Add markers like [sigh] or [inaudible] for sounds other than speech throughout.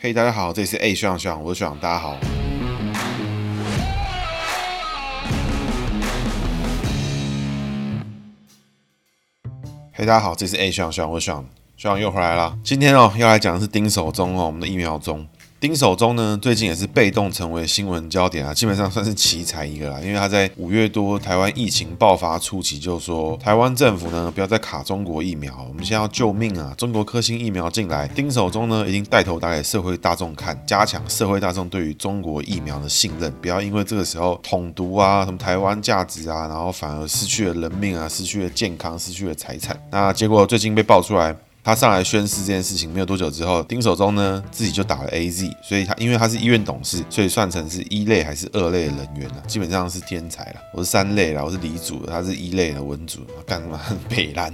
嘿、hey，大家好，這是欸學長學長，我是學長，大家好。嘿，大家好，這裡是欸學長學長，我是學長，學長又回來了。今天哦，要來講的是丁守中哦，我們的一秒鐘。丁守中呢，最近也是被動成為新聞焦點啊，基本上算是奇才一個啦，因為他在五月多台灣疫情爆發初期就說，台灣政府呢不要再卡中國疫苗，我們先要救命啊，中國科興疫苗進來。丁守中呢已經帶頭打給社會大眾看，加強社會大眾對於中國疫苗的信任，不要因為這個時候統獨啊，什麼台灣價值啊，然後反而失去了人命啊，失去了健康，失去了財產。那結果最近被爆出來。他上來宣誓這件事情沒有多久之後，丁守中呢自己就打了 AZ，所以他因為他是醫院董事，所以算成是一類還是二類的人員呢？基本上是天才了，我是三類了，我是理組，他是一類的文組，幹嘛北蘭？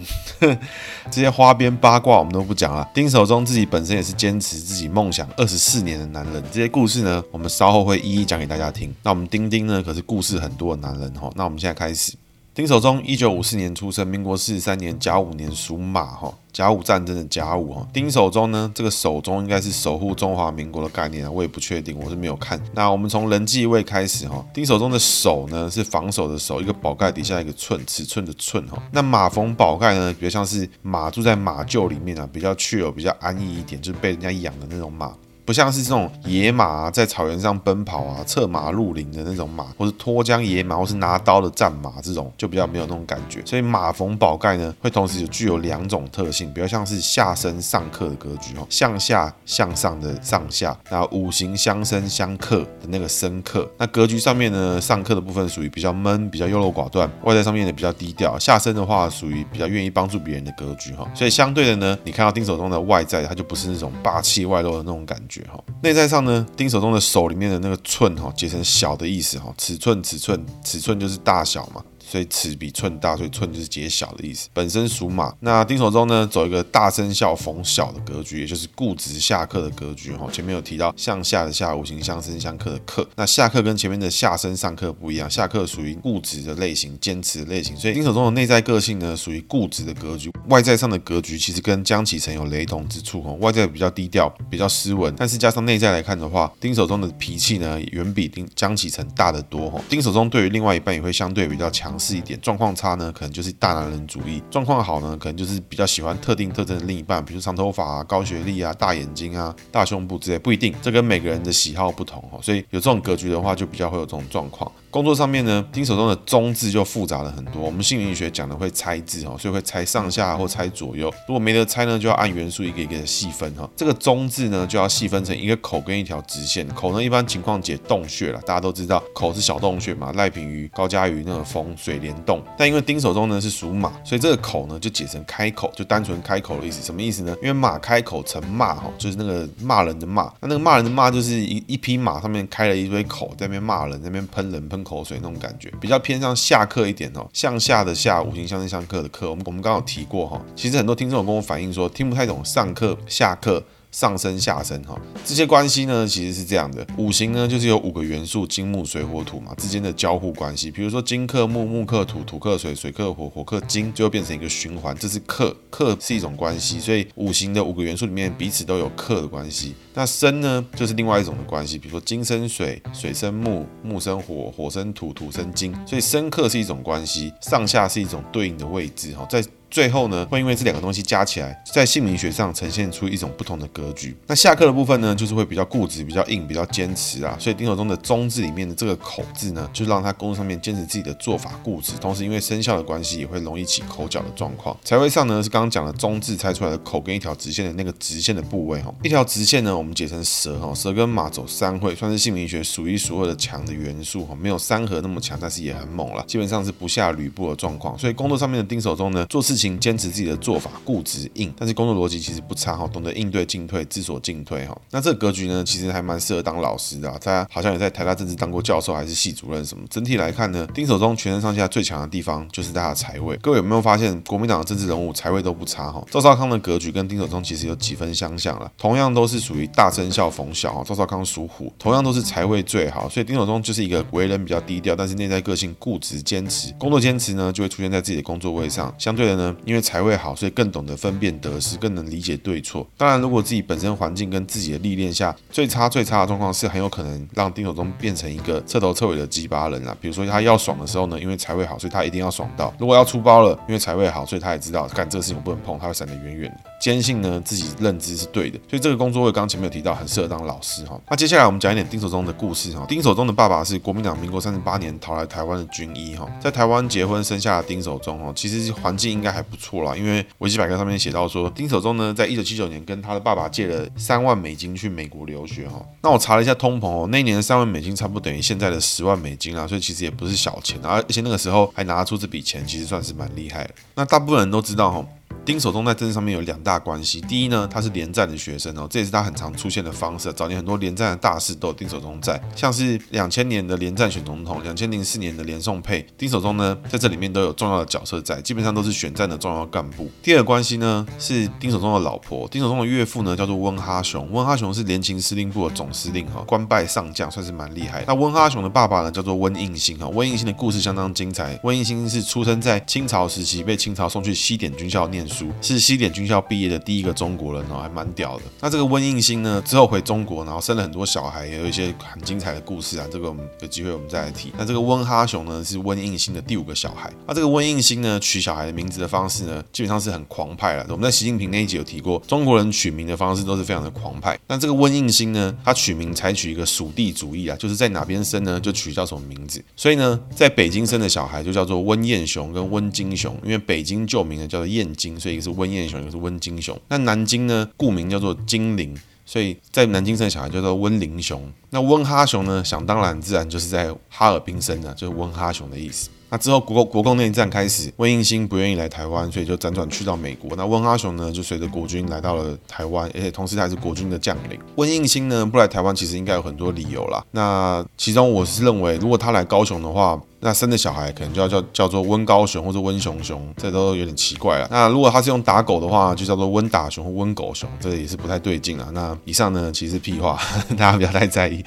這些花邊八卦我們都不講了。丁守中自己本身也是堅持自己夢想二十四年的男人，這些故事呢，我們稍後會一一講給大家聽。那我們丁丁呢可是故事很多的男人哦，那我們現在開始。丁守中一九五四年出生，民國四十三年甲午年屬馬哈，甲午戰爭的甲午哈。丁守中呢，這個守中應該是守護中華民國的概念啊，我也不確定，我是沒有看。那我們從人際位開始哈，丁守中的守呢是防守的守，一個寶蓋底下一個寸尺寸的寸哈。那馬逢寶蓋呢，比較像是馬住在馬廄裡面啊，比較 cute，比較安逸一點，就是被人家養的那種馬。不像是這種野馬、啊、在草原上奔跑啊，策馬入林的那種馬，或是脫韁野馬，或是拿刀的戰馬這種，就比較沒有那種感覺。所以馬逢寶蓋呢，會同時具有兩種特性，比較像是下生上剋的格局哈，向下向上的上下，那五行相生相克的那個生剋。那格局上面呢，上剋的部分屬於比較悶，比較優柔寡斷，外在上面也比較低調。下生的話屬於比較願意幫助別人的格局哈，所以相對的呢，你看到丁守中的外在，它就不是那種霸氣外露的那種感覺。內在上呢，丁守中的守裡面的那個寸哈，結成小的意思哈，尺寸、尺寸、尺寸就是大小嘛。所以尺比寸大，所以寸就是解小的意思。本身屬馬，那丁守中呢走一個大生肖逢小的格局，也就是固執下克的格局哈。前面有提到向下的下，五行相生相剋的剋，那下克跟前面的下生上克不一樣，下克屬於固執的類型，堅持的類型。所以丁守中的內在個性呢屬於固執的格局，外在上的格局其實跟江啟程有雷同之處哦，外在比較低調，比較斯文，但是加上內在來看的話，丁守中的脾氣呢遠比丁江啟程大得多哈。丁守中對於另外一半也會相對比較強勢。是一點，狀況差呢，可能就是大男人主義；狀況好呢，可能就是比較喜歡特定特徵的另一半，比如長頭髮啊、高學歷啊、大眼睛啊、大胸部之類，不一定。這跟每個人的喜好不同哦，所以有這種格局的話，就比較會有這種狀況。工作上面呢，丁守中的“中”字就複雜了很多。我們姓名學講的會拆字哦，所以會拆上下或拆左右。如果沒得拆呢，就要按元素一個一個的細分哈。這個“中”字呢，就要細分成一個口跟一條直線。口呢，一般情況解洞穴了，大家都知道口是小洞穴嘛，賴平魚、高加魚那個風水簾洞。但因為丁守中呢是屬馬，所以這個口呢就解成開口，就單純開口的意思。什麼意思呢？因為馬開口成罵哈，就是那個罵人的罵。那那個罵人的罵就是一一匹馬上面開了一堆口，在那邊罵人，在那邊噴人噴。口水那種感覺，比較偏向下課一點哦，向下的下，五行相生相克的剋，我們我們剛剛有提過哈、哦，其實很多聽眾有跟我反映說聽不太懂上課下課。上升、下升哈，這些關係呢，其實是這樣的，五行呢就是有五個元素金木水火土嘛，之間的交互關係，比如說金克木，木克土，土克水，水克火，火克金，最後變成一個循環，這是克，克是一種關係，所以五行的五個元素裡面彼此都有克的關係。那生呢就是另外一種的關係，比如說金生水，水生木，木生火，火生土，土生金，所以生克是一種關係，上下是一種對應的位置哈，在。最後呢，會因為這兩個東西加起來，在姓名學上呈現出一種不同的格局。那下課的部分呢，就是會比較固執、比較硬、比較堅持啊。所以丁守中的中字裡面的這個口字呢，就讓他工作上面堅持自己的做法，固執。同時因為生肖的關係，也會容易起口角的狀況。財會上呢，是剛剛講的中字拆出來的口跟一條直線的那個直線的部位哈、哦。一條直線呢，我們解成蛇哈，蛇跟馬走三會，算是姓名學數一數二的強的元素哈。沒有三合那麼強，但是也很猛了，基本上是不下呂布的狀況。所以工作上面的丁守中呢，做事情。僅堅持自己的做法，固執硬，但是工作邏輯其實不差哈，懂得應對進退，知所進退哈。那這個格局呢，其實還蠻適合當老師的，大家好像也在台大政治當過教授，還是系主任什麼。整體來看呢，丁守中全身上下最強的地方就是他的財位。各位有沒有發現，國民黨的政治人物財位都不差哈？趙少康的格局跟丁守中其實有幾分相像了，同樣都是屬於大生肖逢小哈，趙少康屬虎，同樣都是財位最好，所以丁守中就是一個為人比較低調，但是內在個性固執堅持，工作堅持呢，就會出現在自己的工作位上。相對的呢。因為財位好，所以更懂得分辨得失，更能理解對錯。當然，如果自己本身環境跟自己的歷練下，最差最差的狀況是很有可能讓丁守中變成一個徹頭徹尾的雞巴人啊。比如說他要爽的時候呢，因為財位好，所以他一定要爽到；如果要出包了，因為財位好，所以他也知道幹這個事情我不能碰，他會閃得遠遠的。堅信呢，自己認知是對的，所以這個工作，我剛剛前面有提到，很適合當老師哈。那接下來我們講一點丁守中的故事哈。丁守中的爸爸是國民黨，民國三十八年逃來台灣的軍醫哈，在台灣結婚生下丁守中哈，其實環境應該還不錯啦，因為維基百科上面寫到說，丁守中呢在一九七九年跟他的爸爸借了三萬美金去美國留學哈。那我查了一下通膨哦，那一年的三萬美金差不多等於現在的十萬美金啦，所以其實也不是小錢啊，而且那個時候還拿出這筆錢，其實算是蠻厲害的。那大部分人都知道哈。丁守中在政治上面有兩大關係，第一呢，他是連戰的學生哦，這也是他很常出現的方式。早年很多連戰的大事都有丁守中在，像是兩千年的連戰選總統，兩千零四年的連宋配，丁守中呢在這裡面都有重要的角色在，基本上都是選戰的重要幹部。第二關係呢是丁守中的老婆，丁守中的岳父呢叫做溫哈雄，溫哈雄是聯勤司令部的總司令哦，官拜上將，算是蠻厲害。那溫哈雄的爸爸呢叫做溫應星哦，溫應星的故事相當精彩，溫應星是出生在清朝時期，被清朝送去西點軍校念書。是西點軍校畢業的第一個中國人哦，還蠻屌的。那這個溫應星呢，之後回中國，然後生了很多小孩，也有一些很精彩的故事啊。這個我們有機會我們再來提。那這個溫哈熊呢，是溫應星的第五個小孩。那這個溫應星呢，取小孩的名字的方式呢，基本上是很狂派了。我們在習近平那一集有提過，中國人取名的方式都是非常的狂派。那這個溫應星呢，他取名採取一個屬地主義啊，就是在哪邊生呢，就取叫什麼名字。所以呢，在北京生的小孩就叫做溫燕雄跟溫京雄，因為北京舊名呢叫做燕京。一個是溫燕熊，一個是溫金熊。那南京呢？古名叫做金陵，所以在南京生的小孩叫做溫陵熊。那溫哈熊呢？想當然，自然就是在哈爾濱生的、啊，就是溫哈熊的意思。那之後國，國共國共內戰開始，溫應星不願意來台灣，所以就輾轉去到美國。那溫哈熊呢，就隨着國軍來到了台灣，而且同時他還是國軍的將領。溫應星呢，不來台灣，其實應該有很多理由啦。那其中我是認為，如果他來高雄的話，那生的小孩可能就要叫叫做溫高雄或者溫熊熊，這都有點奇怪了。那如果他是用打狗的話，就叫做溫打熊或溫狗熊，這也是不太對勁啊。那以上呢，其實屁話呵呵，大家不要太在意。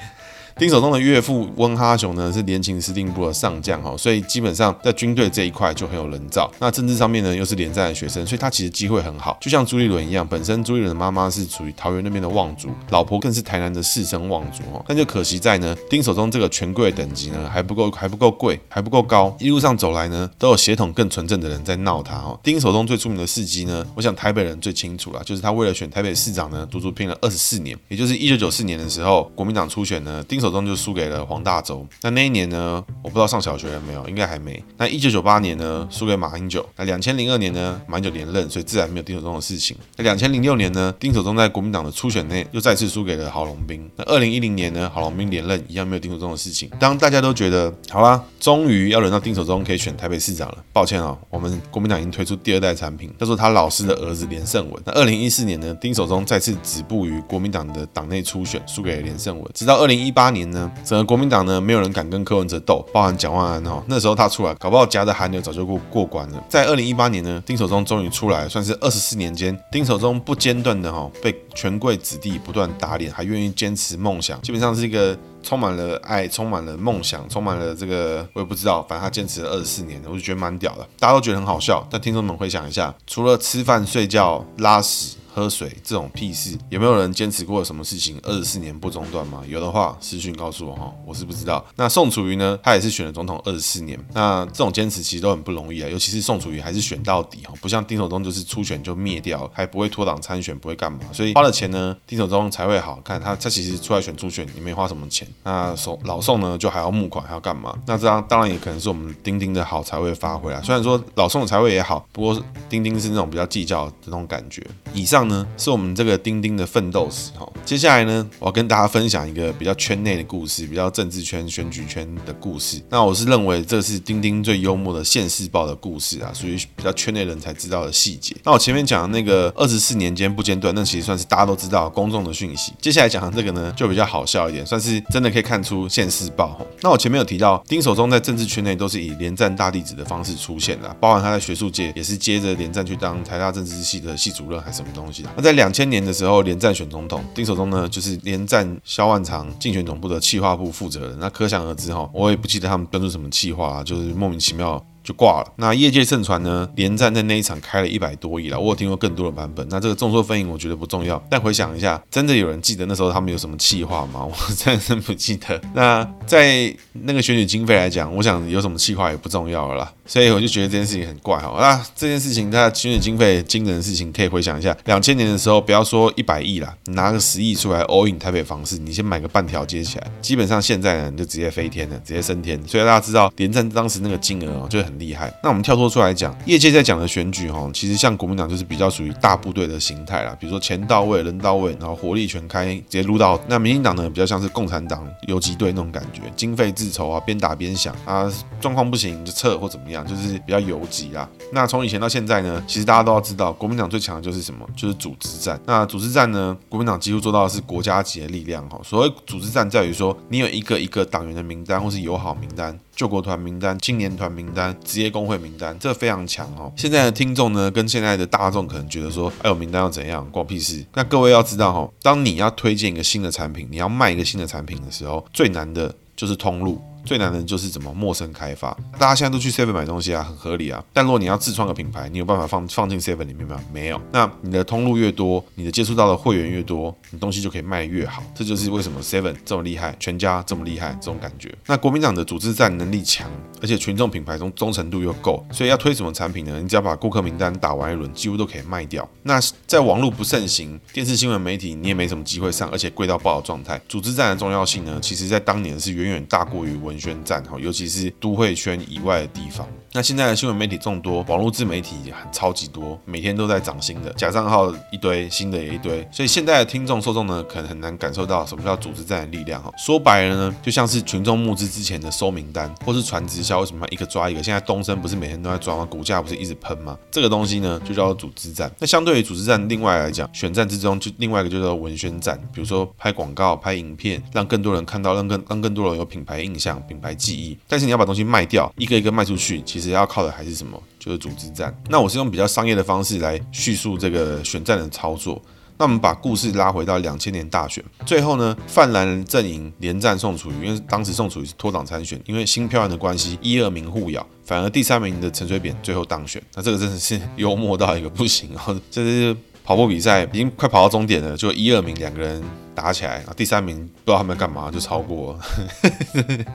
丁守中的岳父溫哈雄呢，是聯勤司令部的上將哦，所以基本上在軍隊這一塊就很有人造。那政治上面呢，又是連戰的學生，所以他其實機會很好。就像朱立倫一樣，本身朱立倫的媽媽是屬於桃園那邊的望族，老婆更是台南的士紳望族哦。但就可惜在呢，丁守中這個權貴等級呢還不夠，還不夠貴，還不夠高。一路上走來呢，都有血統更純正的人在鬧他哦。丁守中最出名的事蹟呢，我想台北人最清楚了，就是他為了選台北市長呢，足足拼了二十四年，也就是一九九四年的時候，國民黨初選呢，丁守。手中就輸給了黃大洲，那那一年呢？我不知道上小學了沒有，應該還沒。那一九九八年呢，輸給馬英九。那兩千零二年呢，馬英九連任，所以自然沒有丁守中的事情。那兩千零六年呢，丁守中在國民黨的初選內又再次輸給了郝龍斌。那二零一零年呢，郝龍斌連任，一樣沒有丁守中的事情。當大家都覺得好啦，終於要輪到丁守中可以選台北市長了。抱歉啊、哦，我們國民黨已經推出第二代產品，叫做他老師的兒子連勝文。那二零一四年呢，丁守中再次止步於國民黨的黨內初選，輸給了連勝文。直到二零一八年。年呢，整個國民黨呢，沒有人敢跟柯文哲鬥，包含蔣萬安哈、哦，那時候他出來，搞不好夾着韓流早就過過關了。在二零一八年呢，丁守中終於出來，算是二十四年間，丁守中不間斷的哈、哦，被權貴子弟不斷打臉，還願意堅持夢想，基本上是一個充滿了愛、充滿了夢想、充滿了這個我也不知道，反正他堅持了二十四年，我就覺得蠻屌的，大家都覺得很好笑。但聽眾們回想一下，除了吃飯、睡覺、拉屎。喝水這種屁事，有沒有人堅持過什麼事情二十四年不中斷嗎？有的話私訊告訴我哈，我是不知道。那宋楚瑜呢？他也是選了總統二十四年，那這種堅持其實都很不容易啊，尤其是宋楚瑜還是選到底哈，不像丁守中就是初選就滅掉，還不會脫黨參選，不會幹嘛。所以花了錢呢，丁守中才會好看。他他其實出來選初選也沒花什麼錢，那宋老宋呢就還要募款還要幹嘛。那這樣當然也可能是我們丁丁的好才會發揮啊。雖然說老宋的才會也好，不過丁丁是那種比較計較的那種感覺。以上。呢，是我們這個丁丁的奮鬥史哈、哦。接下來呢，我要跟大家分享一個比較圈內的故事，比較政治圈、選舉圈的故事。那我是認為這是丁丁最幽默的《現世報》的故事啊，屬於比較圈內人才知道的細節。那我前面講的那個二十四年間不間斷，那其實算是大家都知道公眾的訊息。接下來講的這個呢，就比較好笑一點，算是真的可以看出《現世報》。那我前面有提到，丁守中在政治圈內都是以連戰大弟子的方式出現的、啊，包含他在學術界也是接着連戰去當台大政治系的系主任，還什麼東西。那在兩千年的時候，連戰選總統，丁守中呢，就是連戰蕭萬長競選總部的企劃部負責人。那可想而知哈，我也不記得他們推出什麼企劃啊，就是莫名其妙。就掛了。那業界盛傳呢，連戰在那一場開了一百多億了。我有聽過更多的版本。那這個眾說紛紜，我覺得不重要。但回想一下，真的有人記得那時候他們有什麼企劃嗎？我真的不記得。那在那個選舉經費來講，我想有什麼企劃也不重要了啦。所以我就覺得這件事情很怪哈。那這件事情在選舉經費驚人的事情，可以回想一下，兩千年的時候，不要說一百億了，你拿個十億出來 all in 台北房市，你先買個半條街起來，基本上現在呢你就直接飛天了，直接升天。所以大家知道連戰當時那個金額就很。厲害。那我們跳脫出來講，業界在講的選舉哈，其實像國民黨就是比較屬於大部隊的形態啦，比如說錢到位、人到位，然後火力全開，直接擼到。那民進黨呢，比較像是共產黨游擊隊那種感覺，經費自籌啊，邊打邊想啊，狀況不行就撤或怎麼樣，就是比較游擊啊。那從以前到現在呢，其實大家都要知道，國民黨最強的就是什麼？就是組織戰。那組織戰呢，國民黨幾乎做到的是國家級的力量哈。所謂組織戰，在於說你有一個一個黨員的名單或是友好名單。救國團名單、青年團名單、職業工會名單，這非常強哦。現在的聽眾呢，跟現在的大眾可能覺得說，哎，喲，名單要怎樣？關我屁事。那各位要知道哦，當你要推薦一個新的產品，你要賣一個新的產品的時候，最難的就是通路。最難的就是怎麼陌生開發，大家現在都去 Seven 買東西啊，很合理啊。但如果你要自創個品牌，你有辦法放放進 Seven 裡面嗎？沒有。那你的通路越多，你的接觸到的會員越多，你東西就可以賣越好。這就是為什麼 Seven 這麼厲害，全家這麼厲害，這種感覺。那國民黨的組織戰能力強，而且群眾品牌忠忠誠度又夠，所以要推什麼產品呢？你只要把顧客名單打完一輪，幾乎都可以賣掉。那在網絡不盛行，電視新聞媒體你也沒什麼機會上，而且貴到爆的狀態。組織戰的重要性呢，其實在當年是遠遠大過於文。宣戰哈，尤其是都會圈以外的地方。那現在的新聞媒體眾多，網絡自媒體很超級多，每天都在漲新的，假賬號一堆，新的也一堆。所以現在的聽眾受眾呢，可能很難感受到什麼叫組織戰的力量。說白了呢，就像是群眾募資之前的收名單或是傳直銷，為什麼要一個抓一個？現在東森不是每天都在抓嗎？股價不是一直噴嗎？這個東西呢，就叫做組織戰。那相對於組織戰，另外來講，選戰之中就另外一個就叫做文宣戰，比如說拍廣告、拍影片，讓更多人看到，讓更讓更多人有品牌印象。品牌記憶，但是你要把東西賣掉，一個一個賣出去，其實要靠的還是什麼？就是組織戰。那我是用比較商業的方式來敘述這個選戰的操作。那我們把故事拉回到兩千年大選，最後呢，泛藍陣營連戰宋楚瑜，因為當時宋楚瑜是脫黨參選，因為新票案的關係，一二名互咬，反而第三名的陳水扁最後當選。那這個真的是幽默到一個不行啊、哦！這是跑步比賽，已經快跑到終點了，就一二名兩個人。打起來，然後第三名不知道他們要幹嘛，就超過了，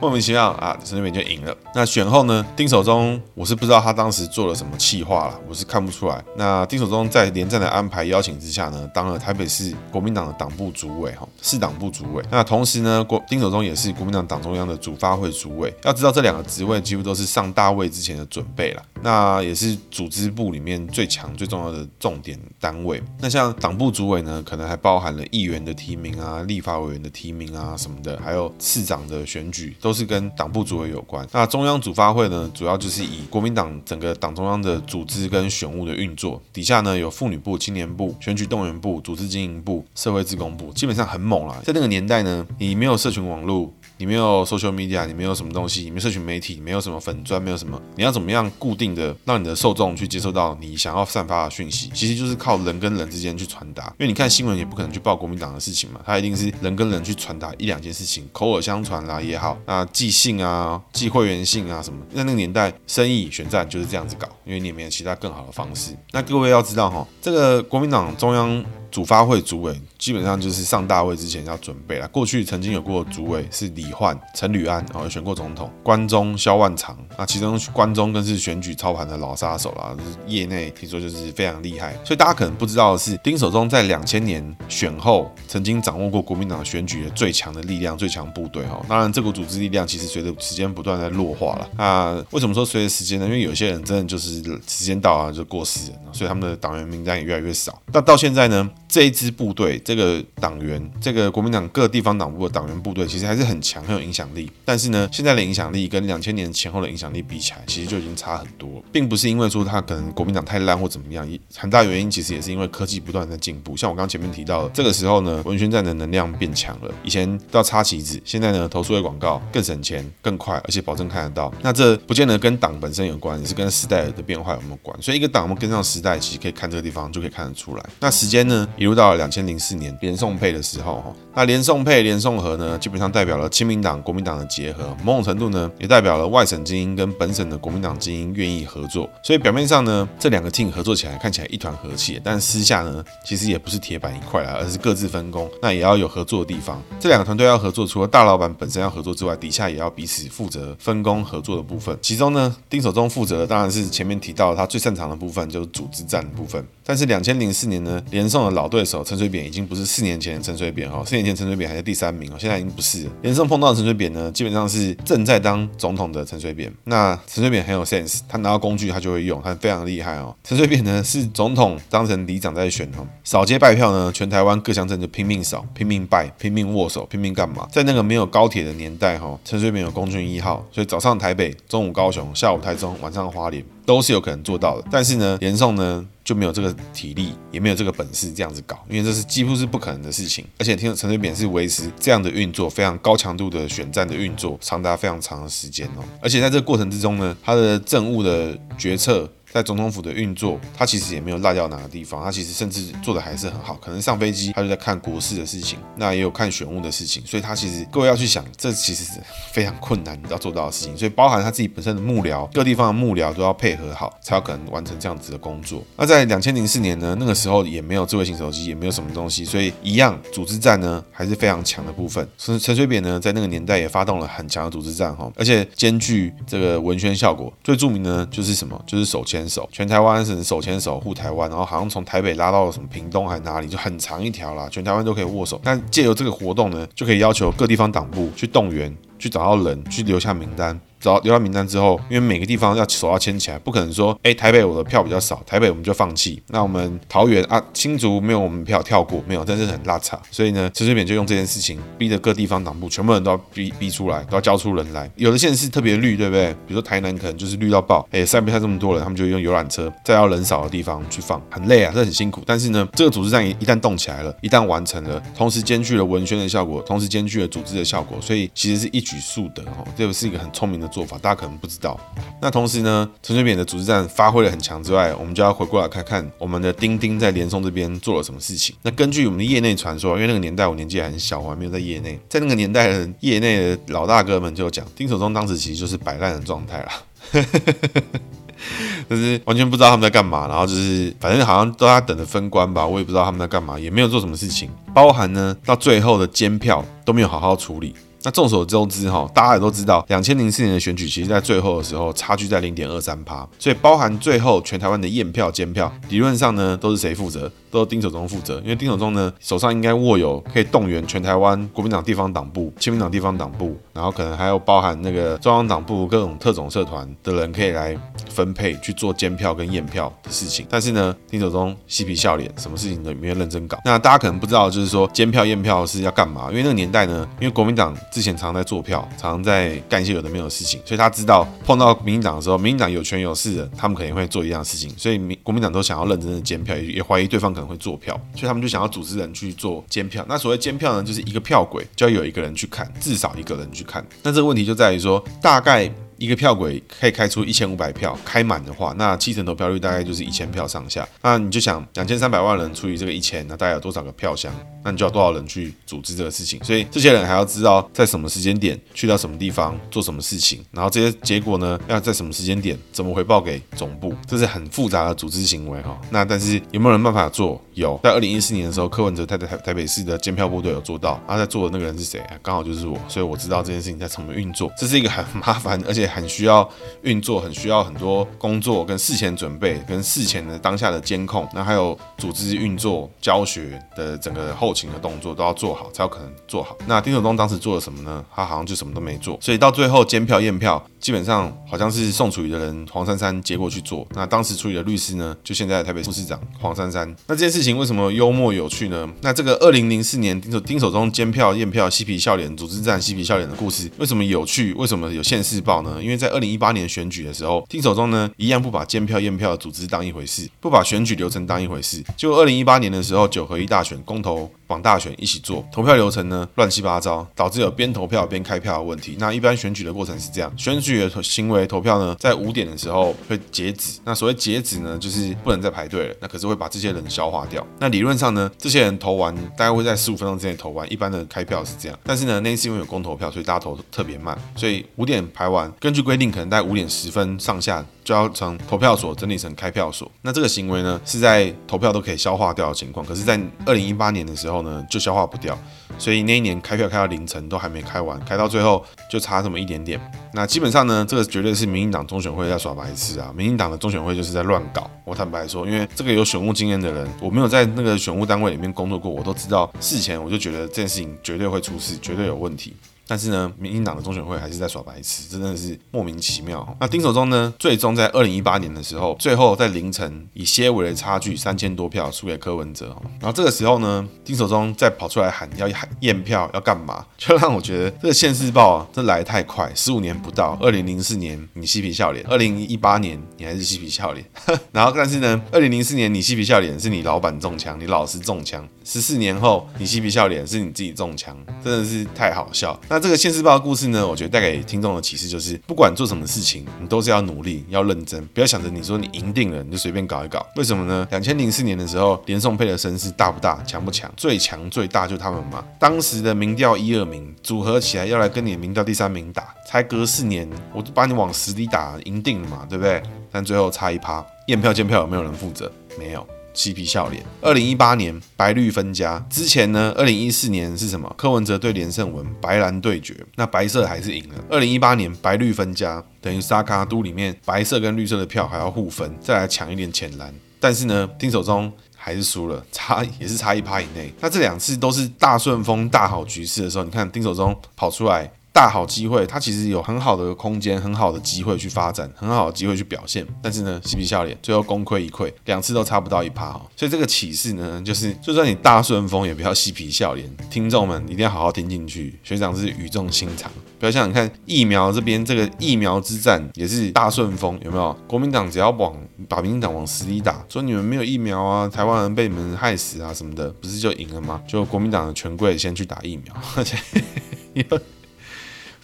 [laughs] 莫名其妙啊，陳水扁就贏了。那選後呢，丁守中我是不知道他當時做了什麼企劃啦，我是看不出來。那丁守中在連戰的安排邀請之下呢，當了台北市國民黨的黨部主委哈，市黨部主委。那同時呢，國丁守中也是國民黨黨中央的主發會主委。要知道這兩個職位幾乎都是上大位之前的準備了，那也是組織部裡面最強最重要的重點單位。那像黨部主委呢，可能還包含了議員的提名。啊，立法委員的提名啊什麼的，還有市長的選舉，都是跟黨部組委有關。那中央組發會呢，主要就是以國民黨整個黨中央的組織跟選務的運作，底下呢，有婦女部、青年部、選舉動員部、組織經營部、社會志工部，基本上很猛啦。在那個年代呢，你沒有社群網絡。你沒有 social media，你沒有什麼東西，你沒有社群媒體，你沒有什麼粉專，沒有什麼，你要怎麼樣固定的讓你的受眾去接受到你想要散發的訊息？其實就是靠人跟人之間去傳達，因為你看新聞也不可能去報國民黨的事情嘛，它一定是人跟人去傳達一兩件事情，口耳相傳啦也好，那寄信啊、寄會員信啊什麼，那那個年代生意選戰就是這樣子搞，因為你也沒有其他更好的方式。那各位要知道哈，這個國民黨中央。主發會主委基本上就是上大位之前要準備了。過去曾經有過主委是李煥、陳履安，然、哦、後選過總統關中、蕭萬長。那其中關中更是選舉操盤的老殺手了，就是業內聽說就是非常厲害。所以大家可能不知道的是，丁守中在兩千年選後曾經掌握過國民黨選舉的最強的力量、最強部隊哈、哦。當然，這股組織力量其實隨着時間不斷在弱化了。那為什麼說隨着時間呢？因為有些人真的就是時間到了就過世了，所以他們的黨員名單也越來越少。那到現在呢？這一支部隊，這個黨員，這個國民黨各地方黨部的黨員部隊，其實還是很強，很有影響力。但是呢，現在的影響力跟兩千年前後的影響力比起來，其實就已經差很多。並不是因為說他可能國民黨太爛或怎麼樣，很大原因其實也是因為科技不斷在進步。像我剛剛前面提到的，這個時候呢，文宣戰的能量變強了。以前要插旗子，現在呢，投出的廣告更省錢、更快，而且保證看得到。那這不見得跟黨本身有關，也是跟時代的變化有沒有關。所以一個黨，我們跟上時代，其實可以看這個地方就可以看得出來。那時間呢？一路到了兩千零四年連宋配的時候，哈，那連宋配連宋合呢，基本上代表了親民黨國民黨的結合，某種程度呢也代表了外省精英跟本省的國民黨精英願意合作。所以表面上呢，這兩個 team 合作起來看起來一團和氣，但私下呢其實也不是鐵板一塊啦，而是各自分工。那也要有合作的地方，這兩個團隊要合作，除了大老板本身要合作之外，底下也要彼此負責分工合作的部分。其中呢，丁守中負責的當然是前面提到他最擅長的部分，就是組織戰的部分。但是兩千零四年呢，連宋的老對手陳水扁已經不是四年前陳水扁哈、哦，四年前陳水扁還在第三名哦，現在已經不是了。連勝碰到陳水扁呢，基本上是正在當總統的陳水扁。那陳水扁很有 sense，他拿到工具他就會用，他非常厲害哦。陳水扁呢是總統當成里長在選哦，掃街拜票呢，全台灣各鄉鎮就拼命掃、拼命拜、拼命握手、拼命幹嘛？在那個沒有高鐵的年代哈，陳水扁有工具一號，所以早上台北，中午高雄，下午台中，晚上花蓮。都是有可能做到的，但是呢，連宋呢就沒有這個體力，也沒有這個本事這樣子搞，因為這是幾乎是不可能的事情。而且聽陳水扁是維持這樣的運作，非常高強度的選戰的運作，長達非常長的時間哦。而且在這個過程之中呢，他的政務的決策。在總統府的運作，他其實也沒有落掉哪個地方，他其實甚至做的還是很好。可能上飛機，他就在看國事的事情，那也有看選務的事情，所以他其實各位要去想，這其實是非常困難，你要做到的事情。所以包含他自己本身的幕僚，各地方的幕僚都要配合好，才有可能完成這樣子的工作。那在二千零四年呢，那個時候也沒有智慧型手機，也沒有什麼東西，所以一樣組織戰呢，還是非常強的部分。陳陳水扁呢，在那個年代也發動了很強的組織戰哈，而且兼具這個文宣效果。最著名呢，就是什麼？就是手牽。手全台灣省手牽手護台灣，然後好像從台北拉到什麼屏東還是哪裡，就很長一條啦，全台灣都可以握手。但借由這個活動呢，就可以要求各地方黨部去動員。去找到人，去留下名單。找到留下名單之後，因為每個地方要手要牽起來，不可能說，哎，台北我的票比較少，台北我們就放棄。那我們桃園啊，新竹沒有我們票跳過，沒有，但是很拉差。所以呢，陳水扁就用這件事情逼着各地方黨部全部人都要逼逼出來，都要交出人來。有的縣市特別綠，對不對？比如說台南可能就是綠到爆，哎，塞不下這麼多人，他們就用遊覽車再到人少的地方去放，很累啊，這很辛苦。但是呢，這個組織戰一,一旦動起來了，一旦完成了，同時兼具了文宣的效果，同時兼具了組織的效果，所以其實是一舉。語速的哦，這個是一個很聰明的做法，大家可能不知道。那同時呢，陳水扁的組織戰發揮了很強之外，我們就要回過來看看我們的丁丁在連宋這邊做了什麼事情。那根據我們的業內傳說，因為那個年代我年紀還很小，我還沒有在業內，在那個年代的業內的老大哥們就有講，丁守中當時其實就是擺爛的狀態啦， [laughs] 就是完全不知道他們在幹嘛，然後就是反正好像都在等着分官吧，我也不知道他們在幹嘛，也沒有做什麼事情，包含呢到最後的監票都沒有好好處理。那眾所周知哈，大家也都知道，兩千零四年的選舉，其實在最後的時候，差距在零點二三趴，所以包含最後全台灣的驗票、監票，理論上呢，都是誰負責？都丁守中負責，因為丁守中呢，手上應該握有可以動員全台灣國民黨地方黨部、親民黨地方黨部，然後可能還有包含那個中央黨部各種特種社團的人可以來分配去做監票跟驗票的事情。但是呢，丁守中嬉皮笑臉，什麼事情都沒有認真搞。那大家可能不知道，就是說監票驗票是要幹嘛？因為那個年代呢，因為國民黨之前常在做票，常在幹一些有的沒有的事情，所以他知道碰到民進黨的時候，民進黨有權有勢的，他們肯定會做一樣的事情，所以民國民黨都想要認真的監票，也也懷疑對方可能。會做票，所以他們就想要組織人去做監票。那所謂監票呢，就是一個票匭就要有一個人去看，至少一個人去看。那這個問題就在於說，大概。一個票櫃，可以開出一千五百票，開滿的話，那七成投票率大概就是一千票上下。那你就想，兩千三百萬人除以這個一千，那大概有多少個票箱？那你就要多少人去組織這個事情？所以這些人還要知道在什麼時間點去到什麼地方做什麼事情，然後這些結果呢，要在什麼時間點怎麼回報給總部？這是很複雜的組織行為哈。那但是有沒有人辦法做？有，在二零一四年的時候，柯文哲他在台台，台北市的監票部隊有做到。他、啊、在做的那個人是誰？剛好就是我，所以我知道這件事情在怎麼運作。這是一個很麻煩，而且。很需要運作，很需要很多工作跟事前準備，跟事前的當下的監控，那還有組織運作、教學的整個後勤的動作都要做好，才有可能做好。那丁守中當時做了什麼呢？他好像就什麼都沒做，所以到最後監票驗票，基本上好像是宋楚瑜的人黃珊珊接過去做。那當時處理的律師呢，就現在的台北副市長黃珊珊。那這件事情為什麼幽默有趣呢？那這個二零零四年丁守丁守中監票驗票嬉皮笑臉，組織戰嬉皮笑臉的故事，為什麼有趣？為什麼有現世報呢？因為在二零一八年選舉的時候，丁守中呢一樣不把監票、驗票的組織當一回事，不把選舉流程當一回事。就二零一八年的時候，九合一大選公投。大選一起做投票流程呢，亂七八糟，導致有邊投票邊開票的問題。那一般選舉的過程是這樣：選舉的行為投票呢，在五點的時候會截止。那所謂截止呢，就是不能再排隊了。那可是會把這些人消化掉。那理論上呢，這些人投完，大概會在十五分鐘之內投完。一般的開票是這樣，但是呢，那次因為有公投票，所以大家投特別慢，所以五點排完，根據規定可能在五點十分上下，就要從投票所整理成開票所，那這個行為呢，是在投票都可以消化掉的情況。可是，在二零一八年的時候呢，就消化不掉，所以那一年開票開到凌晨都還沒開完，開到最後就差這麼一點點。那基本上呢，這個絕對是民進黨中選會在耍白痴啊！民進黨的中選會就是在亂搞。我坦白說，因為這個有選務經驗的人，我沒有在那個選務單位裡面工作過，我都知道事前，我就覺得這件事情絕對會出事，絕對有問題。但是呢，民進黨的中選會還是在耍白痴，真的是莫名其妙哦。那丁守中呢，最終在二零一八年的時候，最後在凌晨以些微的差距三千多票輸給柯文哲哦。然後這個時候呢，丁守中再跑出來喊要驗票，要幹嘛？就讓我覺得這個現世報啊，這來得太快，十五年不到，二零零四年你嬉皮笑臉，二零一八年你還是嬉皮笑臉。 [laughs] 然後但是呢，二零零四年你嬉皮笑臉是你老闆中槍，你老師中槍；十四年後你嬉皮笑臉是你自己中槍，真的是太好笑。那這個《現世報》的故事呢？我覺得帶給聽眾的啟示就是，不管做什麼事情，你都是要努力、要認真，不要想着你說你贏定了，你就隨便搞一搞。為什麼呢？兩千零四年的時候，連宋配的聲勢大不大、強不強？最強、最大就他們嘛。當時的民調一二名組合起來，要來跟你的民調第三名打，才隔四年，我就把你往死裡打，贏定了嘛，對不對？但最後差一趴，驗票、檢票有沒有人負責？沒有。嬉皮笑臉。二零一八年白綠分家之前呢，二零一四年是什麼？柯文哲對連勝文，白藍對決，那白色還是贏了。二零一八年白綠分家，等於沙卡都裡面白色跟綠色的票還要互分，再來搶一點淺藍。但是呢，丁守中還是輸了，差也是差一趴以內。那這兩次都是大順風、大好局勢的時候，你看丁守中跑出來。大好機會，他其實有很好的空間、很好的機會去發展、很好的機會去表現，但是呢，嬉皮笑臉，最後功虧一簣，兩次都差不到一趴哦。所以這個啟示呢，就是就算你大順風，也不要嬉皮笑臉。聽眾們一定要好好聽進去，學長是語重心長，不要像你看疫苗這邊這個疫苗之戰也是大順風，有沒有？國民黨只要往把民進黨往死裡打，說你們沒有疫苗啊，台灣人被你們害死啊什麼的，不是就贏了嗎？就國民黨的權貴先去打疫苗，而且。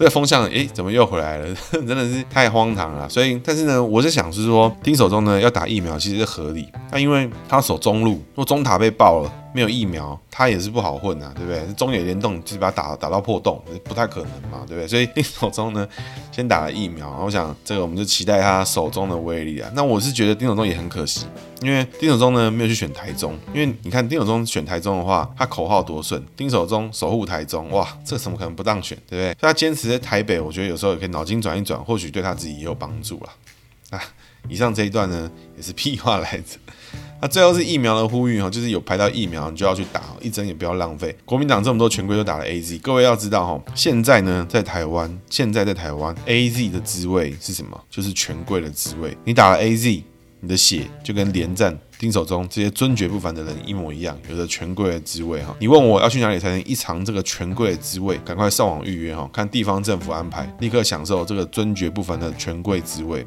這個風向哎、欸，怎麼又回來了？ [laughs] 真的是太荒唐了啦。所以，但是呢，我是想是說，丁守中呢要打疫苗其實是合理。但因為他要守中路，若中塔被爆了。沒有疫苗，他也是不好混啊，對不對？中野聯動就是把他打打到破洞，不太可能嘛，對不對？所以丁守中呢，先打了疫苗，我想這個我們就期待他手中的威力啊。那我是覺得丁守中也很可惜，因為丁守中呢沒有去選台中，因為你看丁守中選台中的話，他口號多順，丁守中守護台中，哇，這怎麼可能不當選，對不對？所以他堅持在台北，我覺得有時候也可以腦筋轉一轉，或許對他自己也有幫助了啊。啊，以上這一段呢，也是屁話來着。啊、最後是疫苗的呼籲哈，就是有排到疫苗，你就要去打，一針也不要浪費。國民黨這麼多權貴都打了 A Z，各位要知道哈，現在呢，在台灣，現在在台灣 A Z 的滋味是什麼？就是權貴的滋味。你打了 A Z，你的血就跟連戰、丁守中這些尊爵不凡的人一模一樣，有着權貴的滋味哈。你問我要去哪裡才能一嘗這個權貴的滋味？趕快上網預約哈，看地方政府安排，立刻享受這個尊爵不凡的權貴滋味。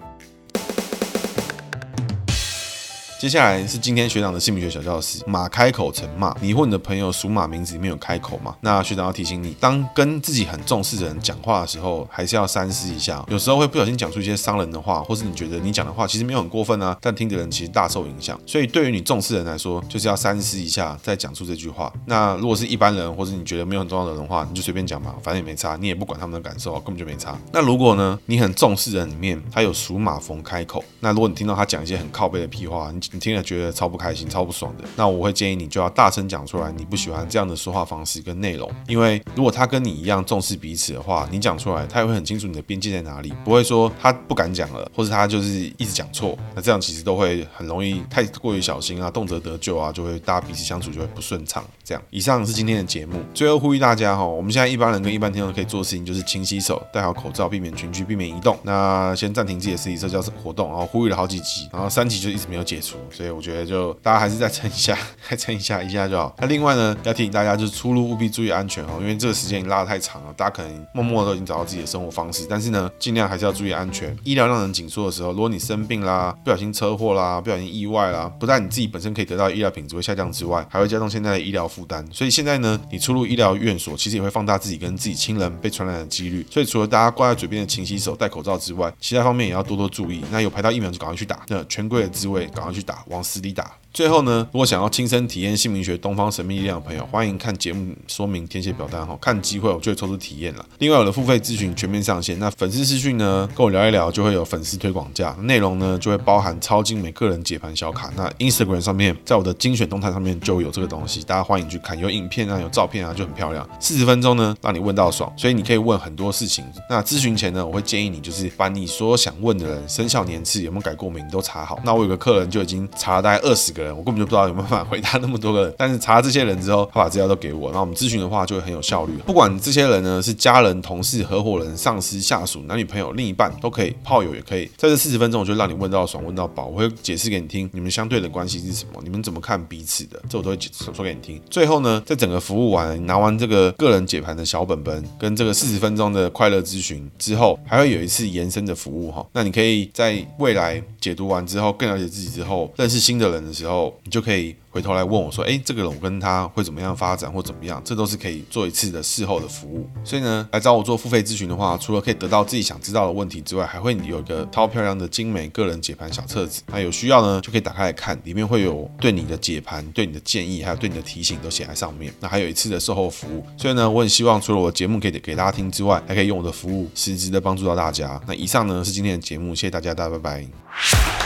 接下來是今天學長的姓名學小教室。馬開口成罵，你或你的朋友屬馬名字裡面有開口嗎？那學長要提醒你，當跟自己很重視的人講話的時候，還是要三思一下。有時候會不小心講出一些傷人的話，或是你覺得你講的話其實沒有很過分啊，但聽的人其實大受影響。所以對於你重視的人來說，就是要三思一下再講出這句話。那如果是一般人，或是你覺得沒有很重要的人的話，你就隨便講嘛，反正也沒差，你也不管他們的感受啊，根本就沒差。那如果呢，你很重視的人裡面他有屬馬逢開口，那如果你聽到他講一些很靠背的屁話，你聽了覺得超不開心、超不爽的，那我會建議你就要大聲講出來，你不喜歡這樣的說話方式跟內容。因為如果他跟你一樣重視彼此的話，你講出來，他也會很清楚你的邊界在哪裡，不會說他不敢講了，或者他就是一直講錯。那這樣其實都會很容易太過於小心啊，動輒得咎啊，就會大家彼此相處就會不順暢。這樣，以上是今天的節目。最後呼籲大家哈，我們現在一般人跟一般聽眾可以做的事情就是勤洗手，戴好口罩，避免群聚，避免移動。那先暫停自己的私底社交活動。然後呼籲了好幾集，然後三集就一直沒有解除。所以我覺得就大家還是再撐一下，再撐一下一下就好。那另外呢，要提醒大家就是出入務必注意安全哦，因為這個時間已經拉得太長了，大家可能默默都已經找到自己的生活方式，但是呢，儘量還是要注意安全。醫療讓人緊縮的時候，如果你生病啦，不小心車禍啦，不小心意外啦，不但你自己本身可以得到的醫療品質會下降之外，還會加重現在的醫療負擔。所以現在呢，你出入醫療院所其實也會放大自己跟自己親人被傳染的幾率。所以除了大家掛在嘴邊的勤洗手、戴口罩之外，其他方面也要多多注意。那有排到疫苗就趕快去打，那權貴的滋味趕快去。打往死裡打，最後呢，如果想要親身體驗姓名學東方神秘力量的朋友，歡迎看節目說明填寫表單哈，看機會我就會抽出體驗了。另外我的付費諮詢全面上線，那粉絲私訊呢，跟我聊一聊就會有粉絲推廣價，內容呢就會包含超精美個人解盤小卡。那 Instagram 上面在我的精選動態上面就有這個東西，大家歡迎去看，有影片啊，有照片啊，就很漂亮。四十分鐘呢，讓你問到爽，所以你可以問很多事情。那諮詢前呢，我會建議你就是把你所想問的人生肖年次有沒有改過名都查好。那我有個客人就已經。已經查了大概二十個人，我根本就不知道有沒有辦法回答那麼多個人。但是查了這些人之後，他把資料都給我，那我們諮詢的話就會很有效率。不管這些人呢是家人、同事、合夥人、上司、下屬、男女朋友、另一半都可以，炮友也可以。在這四十分鐘，我就讓你問到爽，問到飽。我會解釋給你聽，你們相對的關係是什麼，你們怎麼看彼此的，這我都會說給你聽。最後呢，在整個服務完、拿完這個個人解盤的小本本跟這個四十分鐘的快樂諮詢之後，還會有一次延伸的服務哈。那你可以在未來解讀完之後，更了解自己之後。認識新的人的時候，你就可以回頭來問我說，誒，這個人我跟他會怎麼樣發展或怎麼樣，這都是可以做一次的事後的服務。所以呢，來找我做付費諮詢的話，除了可以得到自己想知道的問題之外，還會有一個超漂亮的精美個人解盤小冊子。那有需要呢，就可以打開來看，裡面會有對你的解盤、對你的建議還有對你的提醒都寫在上面。那還有一次的售後服務。所以呢，我很希望除了我的節目可以給大家聽之外，還可以用我的服務實質的幫助到大家。那以上呢，是今天的節目，謝謝大家，大家拜拜。